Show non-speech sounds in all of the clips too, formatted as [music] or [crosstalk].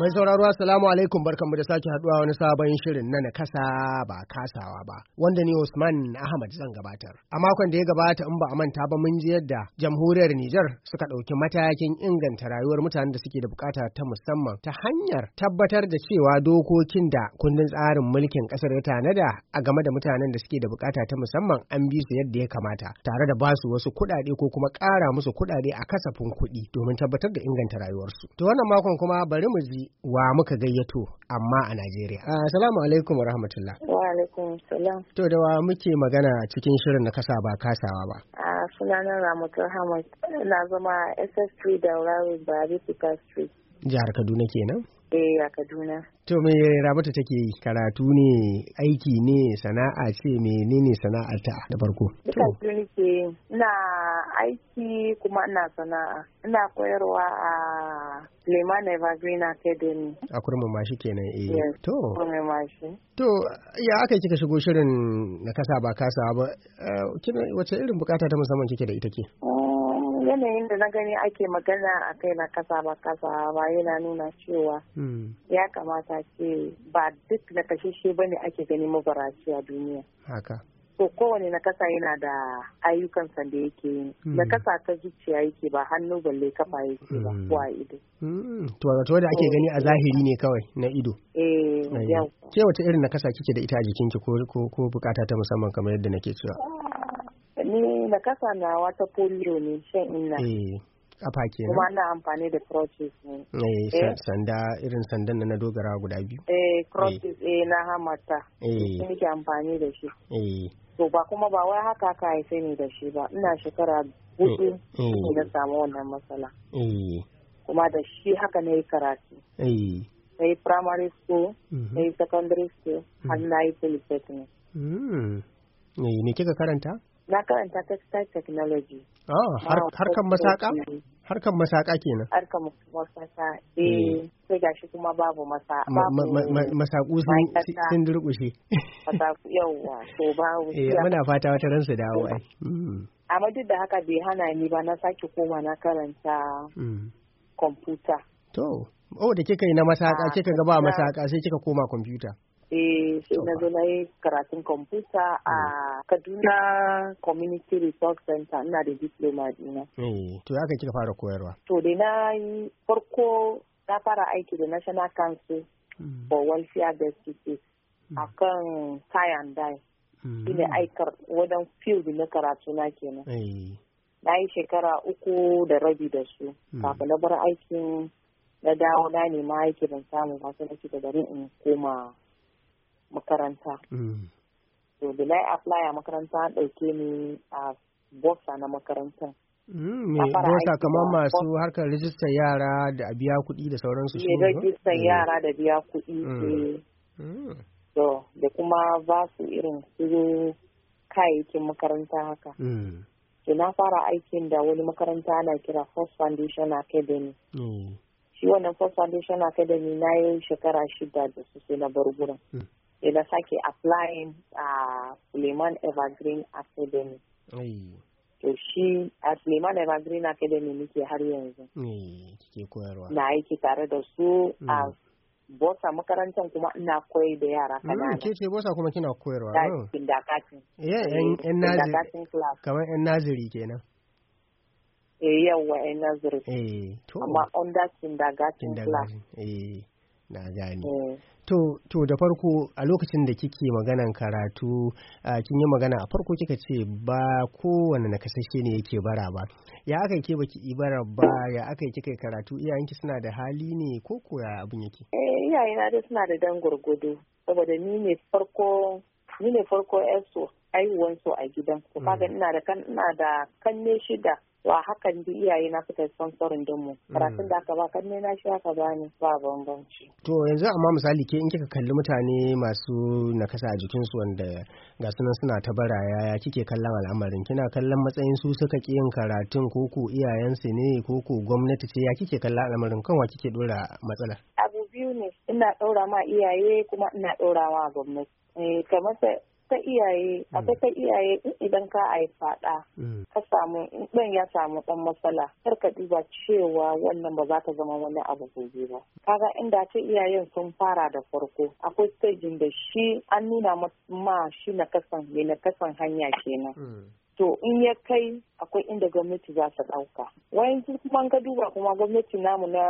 Mai sauraro Assalamu alaikum barkanmu da sake haduwa wani sabon shirin na kasa ba kasawa ba wanda ni Usman Ahmad zan gabatar. A makon da ya gabata in ba a manta ba mun ji yadda jamhuriyar Nijar suka ɗauki matakin inganta rayuwar mutanen da suke da bukata ta musamman ta hanyar tabbatar da cewa dokokin da kundin tsarin mulkin kasar ya tanada a game da mutanen da suke da bukata ta musamman an bi su yadda ya kamata tare da basu wasu kuɗaɗe ko kuma ƙara musu kuɗaɗe a kasafin kuɗi domin tabbatar da inganta rayuwarsu. To wannan makon kuma bari mu ji wa muka gayyato amma a Najeriya. Assalamu ah, alaikum wa rahmatullah. Wa alaikum salam. To da wa muke magana cikin shirin na kasa ba kasawa ba. A ah, sunanan Ramatu Hamad na zama SS3 da Rawi ba Street. Jihar Kaduna kenan? Eh a Kaduna. To me rabata take yi? Karatu ne, aiki ne, sana'a ce menene sana'a ta da farko? Duka nake ina aiki kuma ina sana'a. Ina koyarwa a Leman Evergreen Academy. A kurmin mashi kenan eh. Yes, to. Kurmin mashi. To ya aka kika shigo shirin na kasa ba kasa ba. Uh, wace irin bukata ta musamman kike da ita ke? Mm. yanayin da na gani ake magana a kai na kasa ba kasa ba yana nuna cewa hmm. ya kamata ce ba duk na shi ba ne ake gani mabarashi a duniya haka to kowane na kasa yana da ayyukansa da yake yi hmm. na kasa ta zuciya yake ba hannu balle kafa yake ba hmm. ko ido to wato da ake gani a zahiri ne kawai na ido eh yau ke wata irin na kasa kike da ita a jikinki ko ko bukata ta musamman kamar yadda nake cewa da kasa nawa wata polio ne shan inna kafa eh, ke kuma ana amfani da crutches ne eh, eh. sanda irin sandan na dogara guda biyu eh, eh. crutches eh na hamata eh ke amfani da shi eh to ba kuma ba wai haka ka haife ni da shi ba ina shekara hudu da samu wannan matsala eh kuma da shi haka na yi karatu eh na yi primary school mm-hmm. na yi secondary school har na yi polytechnic mm. me kika karanta na karanta textile technology ah, oh harkan masaka harkan masaka kenan harkan masaka eh. eh sai gashi kuma babu masaka. masaku sun durkushe masaku yawa So, babu [laughs] eh muna fata wata ran su dawo ai mm. amma duk da haka bai hana ni ba na sake koma na karanta computer. Mm. to oh da kika yi na masaka ah, kika ga ba masaka sai kika koma computer. eh sai na zo na yi karatun computer a mm. Kaduna Community Resource Center ina da diploma dina. Oh. To ya kai fara koyarwa? To dai na yi farko na fara aiki da National Council mm. for Welfare Justice mm. a kan tie and die. Mm. Shi aikar wadan field na karatu na kenan. Eh. Na yi shekara uku da rabi da su kafin na bar aikin na dawo na nema aiki ban samu ba sai nake da garin in koma makaranta. so da na apply a makaranta an ɗauke ni a bosa na makarantar hmm, bosa kamar masu harkar rijistar yara da biya kuɗi da sauransu su ne rijistar eh. yara da biya kuɗi hmm. Eh. Hmm. so da kuma ba su irin su kayayyakin makaranta haka to na fara aikin da wani makaranta ana kira first foundation academy oh. shi wannan first foundation academy na yi shekara shida da su sai na bar gurin ya da sake applying a uh, Suleiman Evergreen Academy. To oh. shi a Suleiman Evergreen Academy muke har yanzu. Oh, kike koyarwa. Na aiki tare da su hmm. a bosa makarantar kuma ina koyi da yara hmm, kanana. Ke ce bosa kuma kina koyarwa. Da hmm. kindakatin. Eh yan naziri. Kamar yan naziri kenan. Eh yawa yan naziri. Eh Amma under kindergarten class. Eh. na gani. Eh. To, to da farko a lokacin da kike maganan karatu a kin yi magana a farko kika ce ba kowane nakasashe ne yake bara ba. Ya aka ke baki ibara ba ya aka kika karatu iyayenki suna da hali ne ko ko abin yake? Eh iyayena dai suna da dan gurgudu saboda ni ne farko ni ne farko ai so a gidan. Mm. Kaga ina da kan ina da kanne shida. wa hakan duk iyaye na suka sponsorin dinmu mm. karatun da aka ba kan ne na shi aka bani ba bambanci to yanzu amma misali ke in kika kalli mutane masu nakasa a jikin su wanda ga nan suna ta baraya ya kike kallon al'amarin kina kallon matsayin su suka ki yin karatun ko ku iyayen su ne ko ku gwamnati ce ya kike kallon al'amarin kan wa kike dora matsalar abu biyu ne ina ɗaura ma iyaye kuma ina ɗaura ma gwamnati eh, kamar ta iyaye hmm. akwai ta iyaye idan ka haifa fada, hmm. ka samu ɗan ya samu ɗan matsala kar ka duba cewa wannan ba za ta zama wani abu gobe ba kaga inda ce iyayen sun fara da farko akwai stage da shi an nuna ma shi na kasan na kasan hanya kenan hmm. to in ya kai akwai inda gwamnati za su ɗauka wayansu kuma ga duba kuma gwamnati namu na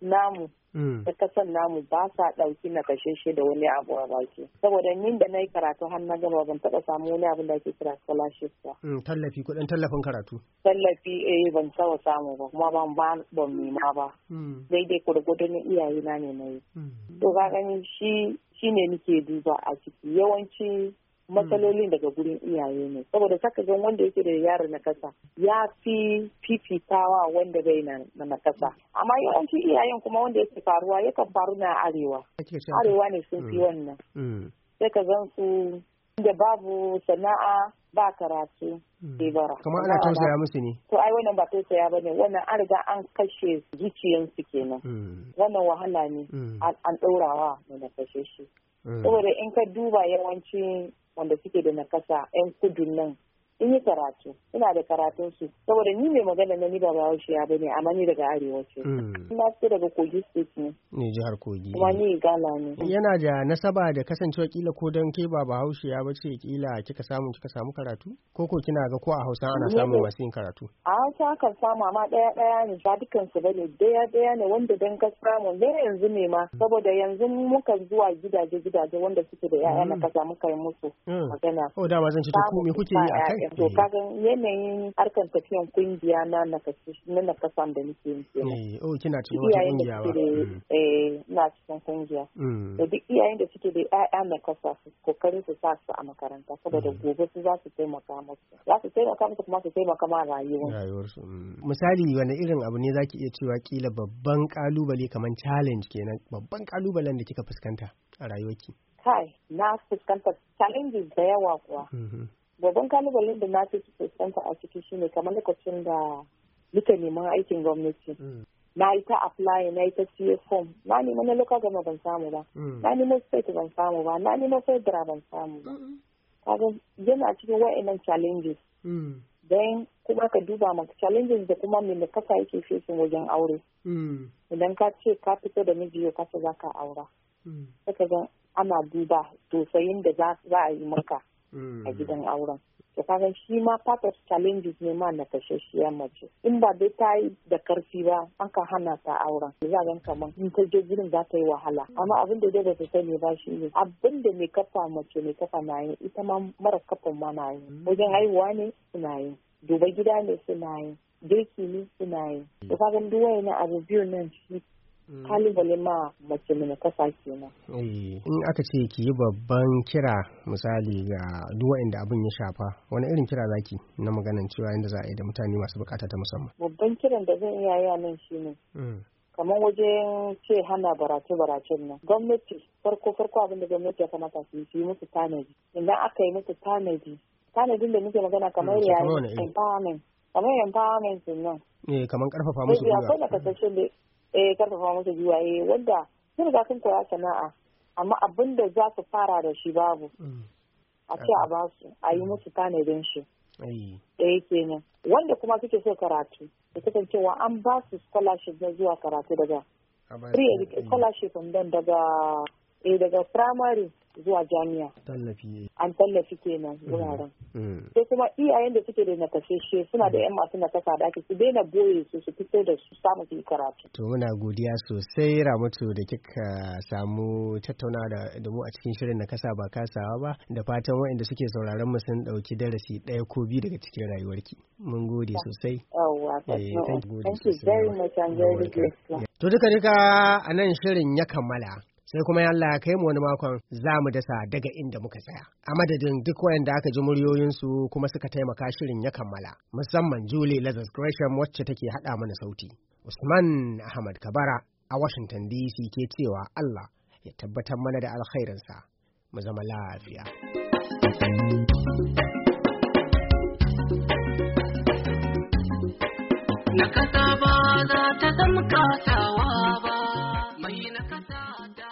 namu hmm. ta kasan namu ba sa ɗauki na shi da wani abu a baki saboda ni da na yi karatu har na gaba ban taɓa samu wani abu da ake kira scholarship ba hmm, tallafi kuɗin tallafin karatu tallafi eh ban saba samu ba kuma ban ba nema ba daidai hmm. gwargwado na iyaye na ne na yi to ga gani shi shine nake duba a ciki yawanci matsalolin daga gurin iyaye ne saboda saka gan wanda yake da yaro na kasa ya fi fifitawa wanda bai na na kasa amma yawanci iyayen kuma wanda yake faruwa yakan faru na arewa arewa ne sun fi mm. wannan mm. sai ka zan su da babu sana'a ba karatu mm. bara. kuma ana tausaya musu ne? To ai wannan ba tausaya ba ne wannan an riga an kashe zuciyansu kenan. Wannan wahala ne an ɗaurawa ne na kashe shi. Saboda in ka duba yawancin wanda suke da nakasa 'yan kudu nan in yi karatu ina da karatun su saboda ni mai magana na ni ba ya bane amma ni daga arewa ce hmm. ina fito daga kogi state ne ne jihar kogi kuma ni gala ne yana da nasaba da kasancewa kila ko dan ke ba bahaushiya ya bace kila kika samu kika samu karatu ko ko kina ga ko a hausa ana samun masu yin karatu a hausa kan samu amma daya daya ne ba dukkan su bane daya daya ne wanda dan ka samu ne yanzu ne ma saboda yanzu muka zuwa gidaje gidaje wanda suke da ya'ya na hmm. samu muka yi musu hmm. magana oh ba zan ta ku me kuke yi akai to eh. ga yanayin harkar tafiyan kungiya na nakasan da nake yin kenan eh, oh kina cikin wata kungiya ba mm. eh na cikin kungiya da mm. duk iyayen da suke da ƴaƴa kasa su kokari su sa su a makaranta saboda mm. gobe su za su taimaka musu za su taimaka musu kuma su taimaka ma rayuwarsu misali wani irin abu ne zaki iya cewa kila babban kalubale kamar challenge kenan babban kalubalen da kika fuskanta a rayuwarki kai na fuskantar challenges da yawa kuwa mm-hmm. babban kalubalen da na fi fuskanta a ciki shine kamar lokacin da muka neman aikin gwamnati mm. na yi ta apply na yi ta siya form na neman na local government ban samu ba mm. na neman state ban samu ba na neman federal ban samu ba kaga yana cikin wa'annan challenges don mm. kuma ka duba ma challenges da kuma me kasa yake fesin wajen aure idan ka ce ka fito da miji ya kasa za ka aura saka ga ana duba tosayin da za a yi maka Mm. a gidan auren to kaga shi ma part of challenges ne ma na kashashiyar mace in ba dai ta yi da karfi ba an ka hana ta auren za gan kaman in ta je gurin za ta yi wahala amma abin da dai ba ta sani ba shi ne abin da mai kafa mace mai kafa na yi ita ma mara kafan ma na yi. Mm. wajen haihuwa ne suna yi. duba gida ne suna yi. girki ne suna yi. to kaga duk na abu biyu nan shi Mm. kalubale ma mace mai kasa kenan. In aka ce ki yi babban kira misali ga duwa inda abin ya shafa wani irin kira zaki na maganan cewa inda za a yi da mutane masu bukata ta musamman. Babban kiran da zan iya yi nan ne. Mm. kamar wajen ce hana barace-baracen nan gwamnati farko farko abin da gwamnati ya kamata su yi musu tanadi idan aka yi musu tanadi tanadin da muke magana kamar mm, yayin empowerment kamar empowerment nan eh kamar karfafa musu gwiwa akwai da eh karfafa musu gwiwa eh wanda sun riga sun koya sana'a amma abin da za su fara da shi babu mm. a ce a ba su a yi mm. musu tanadin shi ke kenan wanda kuma suke so karatu da cewa an ba su scholarship na zuwa karatu daga free mm. scholarship daga eh daga firamare zuwa jami'a tallafi an tallafi kenan mm-hmm. wuraren mm. sai kuma iyayen da suke da nakasashe suna da mm. yan masu nakasa da ake su daina boye su su fito da su samu su yi karatu to muna godiya sosai ramatu da kika samu tattauna da mu a cikin shirin nakasa ba kasawa ba da fatan waɗanda suke sauraron mu sun dauki darasi ɗaya ko biyu daga cikin rayuwarki mun gode sosai to duka duka a nan shirin ya kammala sai kuma Allah ya kai mu wani makon za mu dasa daga inda muka tsaya. A madadin duk wayanda aka ji muryoyinsu kuma suka taimaka shirin ya kammala, musamman Julie Lazarus Gresham wacce take haɗa mana sauti. Usman Ahmad Kabara a Washington DC ke cewa Allah ya tabbatar mana da alkhairinsa mu zama lafiya. Na ba za ta zama ba. mai na kasa